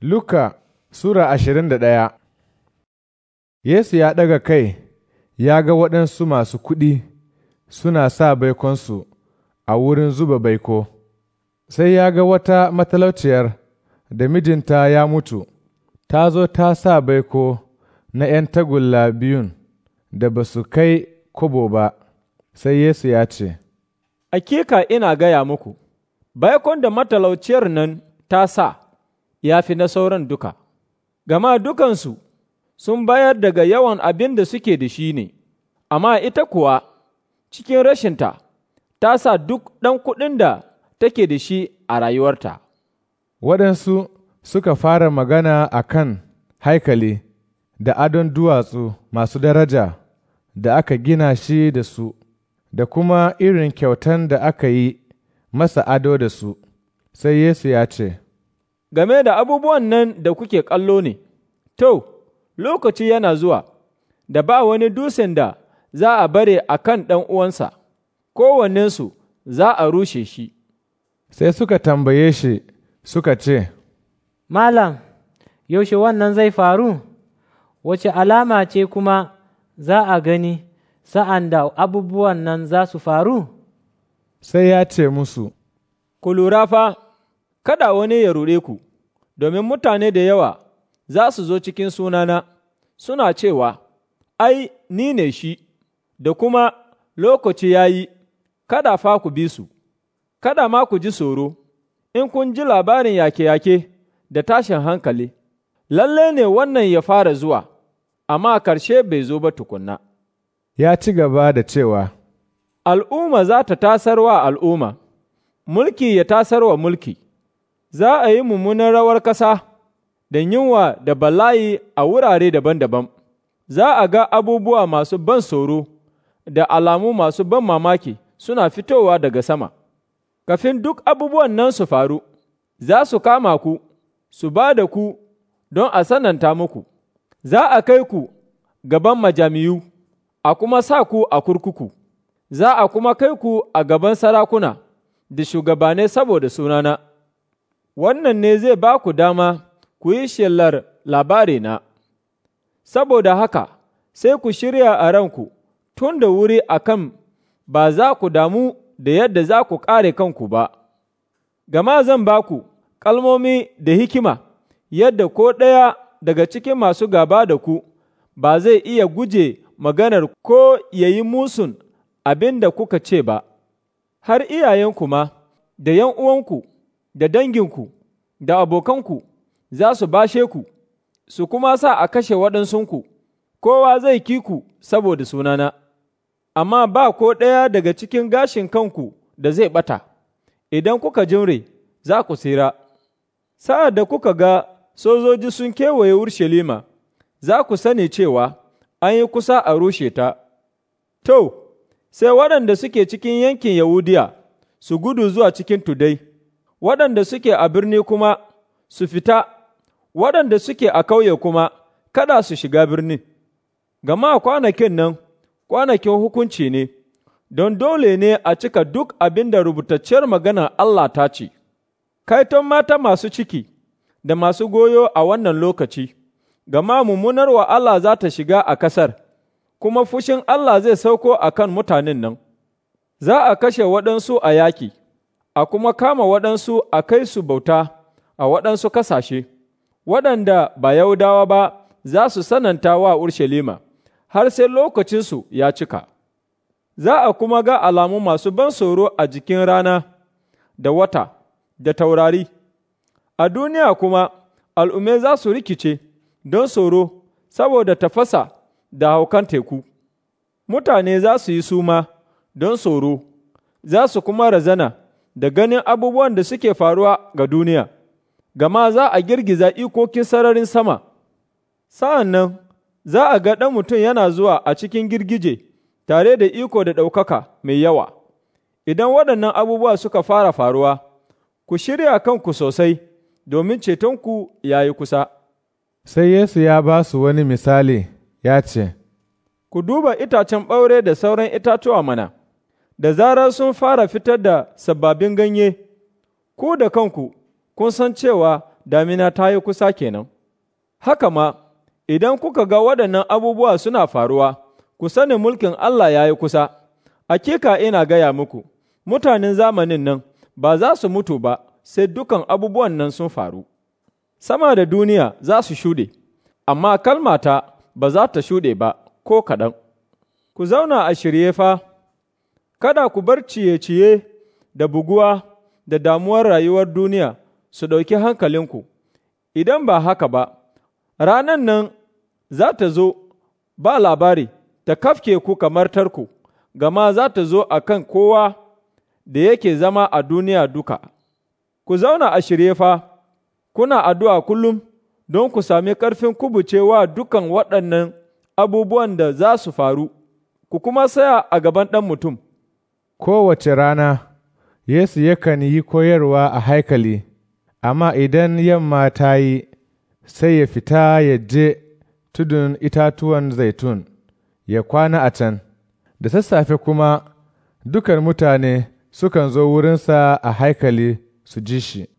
Luka Sura ashirin da ɗaya Yesu ya ɗaga kai ya ga waɗansu masu kuɗi suna sa baikonsu a wurin zuba baiko, sai ya ga wata matalauciyar da mijinta ya mutu, ta zo ta sa baiko na ’yan tagulla biyun da ba su kai kobo ba, sai Yesu ya ce, Akika ina gaya muku, baikon da matalauciyar nan ta sa. ya fi na sauran duka, gama dukansu sun bayar daga yawan abin da suke da shi ne, amma ita kuwa cikin rashinta ta sa duk ɗan kuɗin da take da shi a rayuwarta. Waɗansu suka fara magana a kan haikali da adon duwatsu masu daraja da aka gina shi da su, da kuma irin kyautan da aka yi masa ado da su, sai Yesu ya ce, game da abubuwan nan da kuke kallo ne, to, lokaci yana zuwa, da ba wani dusin da za a bare a kan uwansa, kowanninsu za a rushe shi. Sai suka tambaye shi suka ce, Malam, yaushe wannan zai faru, wace alama ce kuma za a gani sa'an da abubuwan nan za su faru? Sai ya ce musu, Ku lura fa, kada wani ya rure ku, domin mutane da yawa za su zo cikin sunana suna cewa, Ai, ni ne shi, da kuma lokaci ya yi, kada fa ku bi su, kada ma ku ji tsoro, in kun ji labarin yake-yake da tashin hankali, lalle ne wannan ya fara zuwa, amma karshe bai zo ba tukunna. Ya ci gaba da cewa, Al'umma za ta tasarwa al'umma, mulki ya tasar wa mulki. za a yi mummunan rawar ƙasa da yunwa da bala'i a wurare daban-daban, za a ga abubuwa masu ban tsoro da alamu masu ban mamaki suna fitowa daga sama. Kafin duk abubuwan nan su faru, za su kama ku, su ba da ku don a sananta muku, za a kai ku gaban majami'u, a kuma sa ku a kurkuku, za a kuma kai ku a gaban sarakuna da shugabane saboda sunana. wannan ne zai ba ku dama ku yi shelar na. saboda haka sai ku shirya a ranku tun da wuri a kan ba za ku damu da yadda za ku ƙare kanku ba, gama zan ba ku kalmomi da hikima yadda ko ɗaya daga cikin masu gaba da ku ba zai iya guje maganar ko ya yi musun abin da kuka ce ba, har iyayenku ma da ’yan uwanku. da danginku da abokanku za su bashe ku, su kuma sa a kashe waɗansunku, kowa zai kiku saboda sunana, amma ba ko ɗaya daga cikin gashin kanku da zai ɓata, idan kuka jimre za ku tsira. Sa'ad da kuka ga sojoji sun kewaye Urshelima, za ku sani cewa an yi kusa a rushe ta. To, sai waɗanda suke cikin yankin Yahudiya su gudu zuwa cikin tudai. waɗanda suke a birni kuma su fita, waɗanda suke a ƙauye kuma kada su shiga birni Gama kwanakin nan, kwanakin hukunci ne, don dole ne a cika duk abin da rubutacciyar maganar Allah ta ce, Kaiton mata masu ciki da masu goyo a wannan lokaci, gama mummunar wa Allah za ta shiga a ƙasar, kuma fushin Allah zai sauko a kan mutanen nan, za a kashe waɗansu a yaki. a kuma kama waɗansu a kai su bauta a waɗansu kasashe, waɗanda ba Yahudawa ba za su sananta wa Urshalima har sai lokacinsu ya cika. Za a kuma ga alamu masu ban tsoro a jikin rana da wata da taurari. A duniya kuma al'ummai za su rikice don tsoro saboda tafasa da haukan teku. Mutane za su yi suma don tsoro, za su kuma razana. da ganin abubuwan da suke faruwa ga duniya, gama za a girgiza ikokin sararin sama, sa'an nan za a ga ɗan mutum yana zuwa a cikin girgije tare da iko da ɗaukaka mai yawa. Idan waɗannan abubuwa suka fara faruwa, ku shirya kanku sosai domin cetonku ya yi kusa. Sai Yesu ya ba su wani misali, ya ce, Ku duba itacen ɓaure da sauran itatuwa mana. da zarar sun fara fitar da sababbin ganye, ku da kanku kun san cewa damina ta yi kusa kenan. Haka ma, idan kuka ga waɗannan abubuwa suna faruwa, ku sani mulkin Allah ya yi kusa, akika ina gaya muku, mutanen zamanin nan ba za su mutu ba sai dukan abubuwan nan sun faru. Sama da duniya za su shuɗe, amma kalmata ba za ta shuɗe ba ko kaɗan. Ku zauna a shirye fa. kada ku bar ciye-ciye da buguwa da damuwar rayuwar duniya su ɗauki hankalinku, idan ba haka ba, ranan nan za ta zo ba labari ta kafke ku kamar tarko, gama za ta zo a kan kowa da yake zama a duniya duka. Ku zauna a shirye fa, kuna addu'a kullum don ku sami ƙarfin kubucewa dukan waɗannan abubuwan da za su faru, ku kuma saya a gaban ɗan mutum. Kowace rana, Yesu yakan yi koyarwa a haikali, amma idan yamma ta yi, sai ya fita ya je tudun itatuwan zaitun, ya kwana a can, da sassafe kuma dukan mutane sukan zo wurinsa a haikali su ji shi.